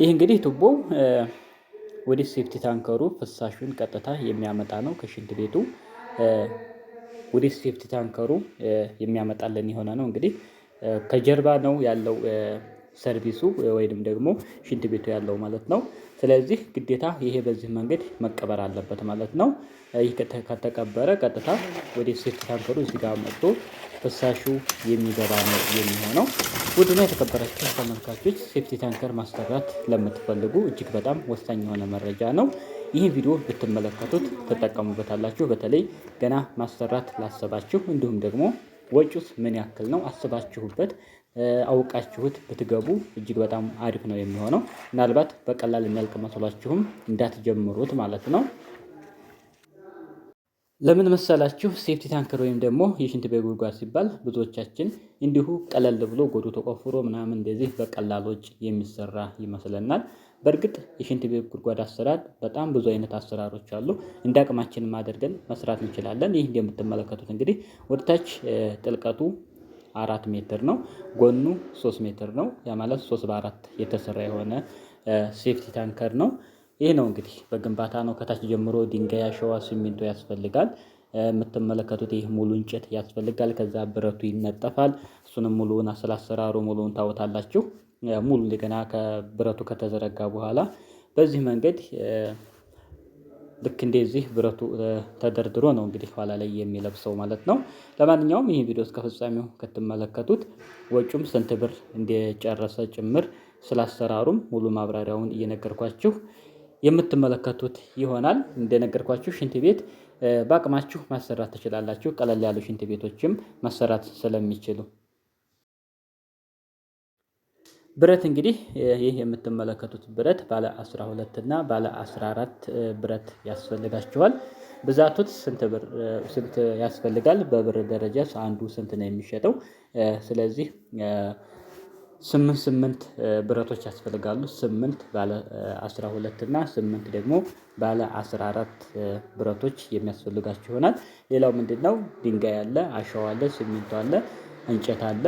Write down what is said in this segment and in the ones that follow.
ይህ እንግዲህ ቱቦ ወደ ሴፍቲ ታንከሩ ፍሳሹን ቀጥታ የሚያመጣ ነው። ከሽንት ቤቱ ወደ ሴፍቲ ታንከሩ የሚያመጣልን የሆነ ነው። እንግዲህ ከጀርባ ነው ያለው ሰርቪሱ ወይንም ደግሞ ሽንት ቤቱ ያለው ማለት ነው። ስለዚህ ግዴታ ይሄ በዚህ መንገድ መቀበር አለበት ማለት ነው። ይህ ከተቀበረ ቀጥታ ወደ ሴፍቲ ታንከሩ እዚህ ጋር መጥቶ ፍሳሹ የሚገባ ነው የሚሆነው። ውድና የተከበራችሁ ተመልካቾች ሴፍቲ ታንከር ማሰራት ለምትፈልጉ እጅግ በጣም ወሳኝ የሆነ መረጃ ነው። ይህን ቪዲዮ ብትመለከቱት ትጠቀሙበታላችሁ። በተለይ ገና ማሰራት ላሰባችሁ፣ እንዲሁም ደግሞ ወጪውስ ምን ያክል ነው አስባችሁበት አውቃችሁት ብትገቡ እጅግ በጣም አሪፍ ነው የሚሆነው። ምናልባት በቀላል የሚያልቅ መስሏችሁም እንዳትጀምሩት ማለት ነው። ለምን መሰላችሁ? ሴፍቲ ታንከር ወይም ደግሞ የሽንት ቤት ጉድጓድ ሲባል ብዙዎቻችን እንዲሁ ቀለል ብሎ ጎዶ ተቆፍሮ ምናምን እንደዚህ በቀላሎች የሚሰራ ይመስለናል። በእርግጥ የሽንት ቤት ጉድጓድ አሰራር በጣም ብዙ አይነት አሰራሮች አሉ። እንደ አቅማችን አድርገን መስራት እንችላለን። ይህ እንደምትመለከቱት እንግዲህ ወደታች ጥልቀቱ አራት ሜትር ነው፣ ጎኑ ሶስት ሜትር ነው። ያ ማለት ሶስት በአራት የተሰራ የሆነ ሴፍቲ ታንከር ነው። ይህ ነው እንግዲህ በግንባታ ነው። ከታች ጀምሮ ድንጋይ፣ አሸዋ፣ ሲሚንቶ ያስፈልጋል። የምትመለከቱት ይህ ሙሉ እንጨት ያስፈልጋል። ከዛ ብረቱ ይነጠፋል። እሱንም ሙሉውን ስለ አሰራሩ ሙሉውን ታወታላችሁ። ሙሉ እንደገና ከብረቱ ከተዘረጋ በኋላ በዚህ መንገድ ልክ እንደዚህ ብረቱ ተደርድሮ ነው እንግዲህ ኋላ ላይ የሚለብሰው ማለት ነው። ለማንኛውም ይህ ቪዲዮ እስከ ፍጻሜው ከትመለከቱት ወጪም ስንት ብር እንደጨረሰ ጭምር ስላሰራሩም ሙሉ ማብራሪያውን እየነገርኳችሁ የምትመለከቱት ይሆናል። እንደነገርኳችሁ ሽንት ቤት በአቅማችሁ ማሰራት ትችላላችሁ። ቀለል ያሉ ሽንት ቤቶችም መሰራት ስለሚችሉ ብረት እንግዲህ ይህ የምትመለከቱት ብረት ባለ 12 እና ባለ 14 ብረት ያስፈልጋችኋል። ብዛቱት ስንት ያስፈልጋል? በብር ደረጃ አንዱ ስንት ነው የሚሸጠው? ስለዚህ ስምንት ስምንት ብረቶች ያስፈልጋሉ ስምንት ባለ አስራ ሁለት እና ስምንት ደግሞ ባለ አስራ አራት ብረቶች የሚያስፈልጋቸው ይሆናል። ሌላው ነው? ድንጋይ አለ፣ አሸዋ አለ፣ ሲሚንቶ አለ፣ እንጨት አለ።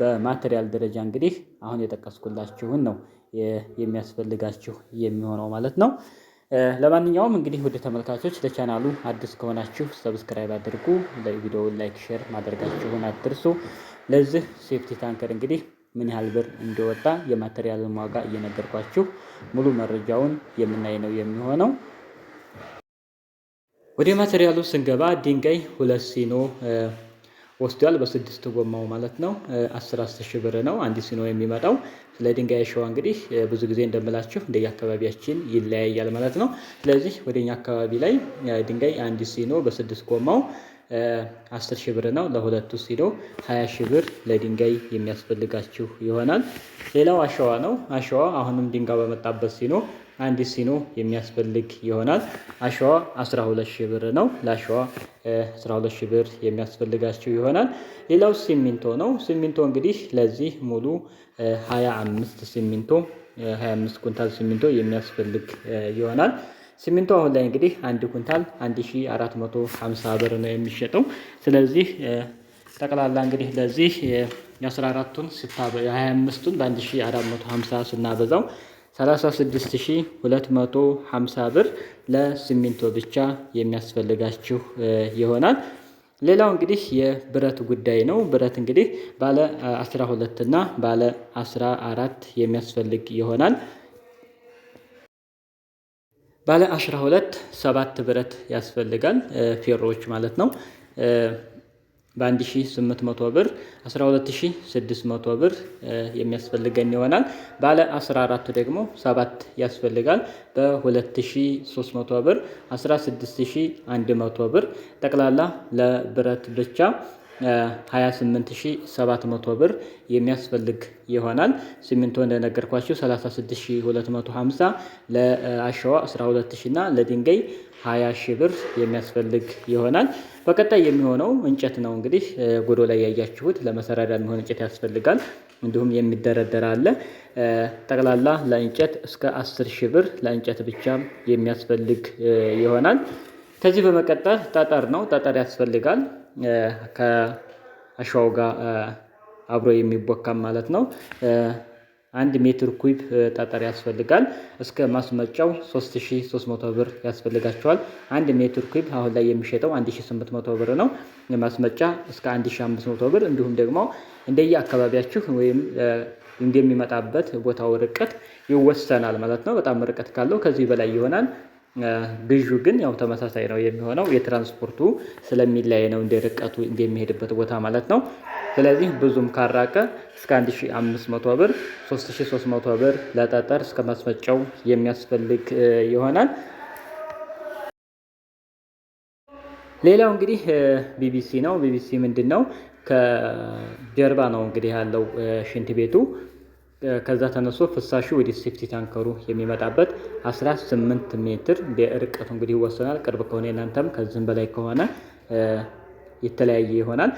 በማቴሪያል ደረጃ እንግዲህ አሁን የጠቀስኩላችሁን ነው የሚያስፈልጋችሁ የሚሆነው ማለት ነው። ለማንኛውም እንግዲህ ውድ ተመልካቾች ለቻናሉ አዲስ ከሆናችሁ ሰብስክራይብ አድርጉ። ለቪዲዮውን ላይክ፣ ሼር ማድረጋችሁን አትርሱ። ለዚህ ሴፍቲ ታንከር እንግዲህ ምን ያህል ብር እንደወጣ የማቴሪያልን ዋጋ እየነገርኳችሁ ሙሉ መረጃውን የምናይ ነው የሚሆነው። ወደ ማቴሪያሉ ስንገባ ድንጋይ ሁለት ሲኖ ወስዷል። በስድስት ጎማው ማለት ነው። አስር አስር ሺህ ብር ነው አንድ ሲኖ የሚመጣው። ስለ ድንጋይ አሸዋ እንግዲህ ብዙ ጊዜ እንደምላችሁ እንደየ አካባቢያችን ይለያያል ማለት ነው። ስለዚህ ወደ አካባቢ ላይ ድንጋይ አንድ ሲኖ በስድስት ጎማው አስር ሺህ ብር ነው። ለሁለቱ ሲዶ ሀያ ሺህ ብር ለድንጋይ የሚያስፈልጋችሁ ይሆናል። ሌላው አሸዋ ነው። አሸዋ አሁንም ድንጋይ በመጣበት ሲኖ አንድ ሲኖ የሚያስፈልግ ይሆናል። አሸዋ 12 ሺህ ብር ነው። ለአሸዋ 12 ሺህ ብር የሚያስፈልጋችሁ ይሆናል። ሌላው ሲሚንቶ ነው። ሲሚንቶ እንግዲህ ለዚህ ሙሉ 25 ሲሚንቶ 25 ኩንታል ሲሚንቶ የሚያስፈልግ ይሆናል። ሲሚንቶ አሁን ላይ እንግዲህ አንድ ኩንታል 1450 ብር ነው የሚሸጠው። ስለዚህ ጠቅላላ እንግዲህ ለዚህ የ14ቱን 25 ቱን በ1450 ስናበዛው 36250 ብር ለሲሚንቶ ብቻ የሚያስፈልጋችሁ ይሆናል። ሌላው እንግዲህ የብረት ጉዳይ ነው። ብረት እንግዲህ ባለ 12 እና ባለ 14 የሚያስፈልግ ይሆናል። ባለ 12 ሰባት ብረት ያስፈልጋል ፌሮዎች ማለት ነው። በ1800 ብር 12600 ብር የሚያስፈልገን ይሆናል። ባለ 14 ደግሞ 7 ያስፈልጋል በ2300 ብር 16100 ብር ጠቅላላ ለብረት ብቻ 28700 ብር የሚያስፈልግ ይሆናል። ሲሚንቶ እንደነገርኳችሁ 36250፣ ለአሸዋ 12000 እና ለድንጋይ 20000 ብር የሚያስፈልግ ይሆናል። በቀጣይ የሚሆነው እንጨት ነው። እንግዲህ ጎዶ ላይ ያያችሁት ለመሰራሪያ የሚሆን እንጨት ያስፈልጋል። እንዲሁም የሚደረደር አለ። ጠቅላላ ለእንጨት እስከ 10000 ብር ለእንጨት ብቻ የሚያስፈልግ ይሆናል። ከዚህ በመቀጠል ጠጠር ነው። ጠጠር ያስፈልጋል ከአሸዋው ጋር አብሮ የሚቦካም ማለት ነው። አንድ ሜትር ኩብ ጠጠር ያስፈልጋል። እስከ ማስመጫው 3300 ብር ያስፈልጋቸዋል። አንድ ሜትር ኩብ አሁን ላይ የሚሸጠው 1800 ብር ነው። የማስመጫ እስከ 1500 ብር እንዲሁም ደግሞ እንደየ አካባቢያችሁ ወይም እንደሚመጣበት ቦታው ርቀት ይወሰናል ማለት ነው። በጣም ርቀት ካለው ከዚህ በላይ ይሆናል። ግዢው ግን ያው ተመሳሳይ ነው የሚሆነው የትራንስፖርቱ ስለሚለያይ ነው እንደ ርቀቱ እንደሚሄድበት ቦታ ማለት ነው። ስለዚህ ብዙም ካራቀ እስከ 1500 ብር 3300 ብር ለጠጠር እስከ ማስመጫው የሚያስፈልግ ይሆናል። ሌላው እንግዲህ ቢቢሲ ነው። ቢቢሲ ምንድን ነው? ከጀርባ ነው እንግዲህ ያለው ሽንት ቤቱ ከዛ ተነስቶ ፍሳሹ ወደ ሴፍቲ ታንከሩ የሚመጣበት 18 ሜትር በርቀቱ እንግዲህ ይወሰናል። ቅርብ ከሆነ የናንተም ከዚህም በላይ ከሆነ የተለያየ ይሆናል።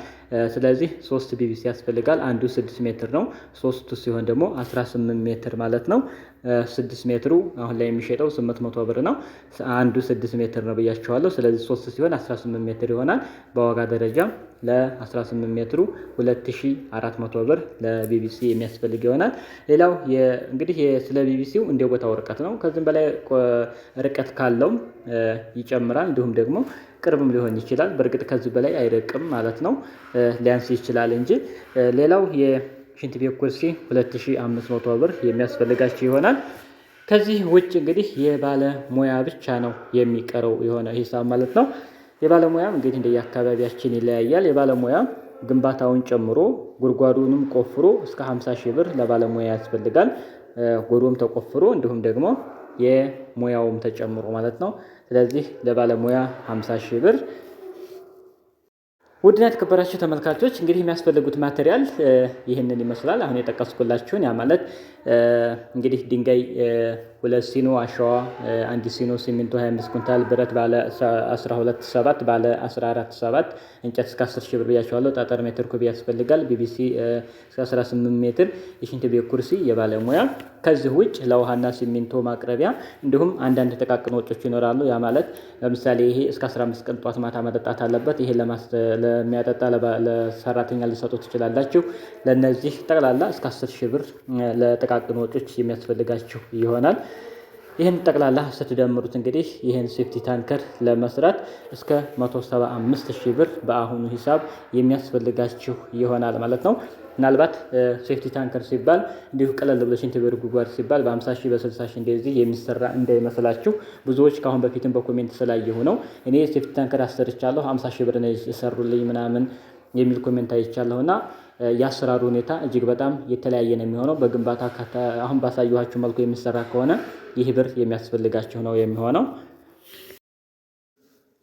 ስለዚህ ሶስት ቢቢሲ ያስፈልጋል። አንዱ 6 ሜትር ነው። ሶስቱ ሲሆን ደግሞ 18 ሜትር ማለት ነው። 6 ሜትሩ አሁን ላይ የሚሸጠው 800 ብር ነው። አንዱ 6 ሜትር ነው ብያቸዋለሁ። ስለዚህ ሶስት ሲሆን 18 ሜትር ይሆናል በዋጋ ደረጃ ለ18 ሜትሩ 2400 ብር ለቢቢሲ የሚያስፈልግ ይሆናል። ሌላው እንግዲህ ስለ ቢቢሲው እንደ ቦታው ርቀት ነው። ከዚህም በላይ ርቀት ካለውም ይጨምራል። እንዲሁም ደግሞ ቅርብም ሊሆን ይችላል። በእርግጥ ከዚህ በላይ አይረቅም ማለት ነው፣ ሊያንስ ይችላል እንጂ። ሌላው የሽንት ቤት ኩርሲ 2500 ብር የሚያስፈልጋቸው ይሆናል። ከዚህ ውጭ እንግዲህ የባለሙያ ብቻ ነው የሚቀረው የሆነ ሂሳብ ማለት ነው። የባለሙያም እንግዲህ እንደየአካባቢያችን ይለያያል። የባለሙያም ግንባታውን ጨምሮ ጉድጓዱንም ቆፍሮ እስከ 50 ሺህ ብር ለባለሙያ ያስፈልጋል። ጎዶም ተቆፍሮ እንዲሁም ደግሞ የሙያውም ተጨምሮ ማለት ነው። ስለዚህ ለባለሙያ ምሳ ሺህ ብር። ውድና የተከበራችሁ ተመልካቾች እንግዲህ የሚያስፈልጉት ማቴሪያል ይህንን ይመስላል። አሁን የጠቀስኩላችሁን ያ ማለት እንግዲህ ድንጋይ ሁለት ሲኖ አሸዋ፣ አንድ ሲኖ ሲሚንቶ 25 ኩንታል፣ ብረት ባለ 127 ባለ 14 7 እንጨት እስከ 10 ሺህ ብር ብያቸዋለሁ። ጠጠር ሜትር ኩብ ያስፈልጋል። ቢቢሲ እስከ 18 ሜትር፣ የሽንት ቤት ኩርሲ የባለሙያ ከዚህ ውጭ ለውሃና ሲሚንቶ ማቅረቢያ እንዲሁም አንዳንድ ጥቃቅን ወጮች ይኖራሉ። ያ ማለት ለምሳሌ ይሄ እስከ 15 ቀን ጧት ማታ መጠጣት አለበት። ይሄ ለሚያጠጣ ለሰራተኛ ልሰጡ ትችላላችሁ። ለእነዚህ ጠቅላላ እስከ 10 ሺህ ብር ለጥቃቅን ወጮች የሚያስፈልጋችሁ ይሆናል። ይህን ጠቅላላ ስትደምሩት እንግዲህ ይህን ሴፍቲ ታንከር ለመስራት እስከ 175 ሺህ ብር በአሁኑ ሂሳብ የሚያስፈልጋችሁ ይሆናል ማለት ነው። ምናልባት ሴፍቲ ታንከር ሲባል እንዲሁ ቀለል ብሎ ሽንት ቤት ጉድጓድ ሲባል በ50 ሺህ በ60 ሺህ እንደዚህ የሚሰራ እንዳይመስላችሁ። ብዙዎች ከአሁን በፊትም በኮሜንት ስላየሁ ነው እኔ ሴፍቲ ታንከር አሰርቻለሁ 50 ሺህ ብር ነው የሰሩልኝ ምናምን የሚል ኮሜንት አይቻለሁ እና የአሰራሩ ሁኔታ እጅግ በጣም የተለያየ ነው የሚሆነው። በግንባታ አሁን ባሳየኋችሁ መልኩ የሚሰራ ከሆነ ይህ ብር የሚያስፈልጋችሁ ነው የሚሆነው።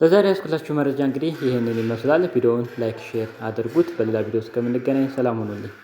ለዛሬ ያስኩላችሁ መረጃ እንግዲህ ይህንን ይመስላል። ቪዲዮውን ላይክ፣ ሼር አድርጉት። በሌላ ቪዲዮ እስከምንገናኝ ሰላም ሁኑልኝ።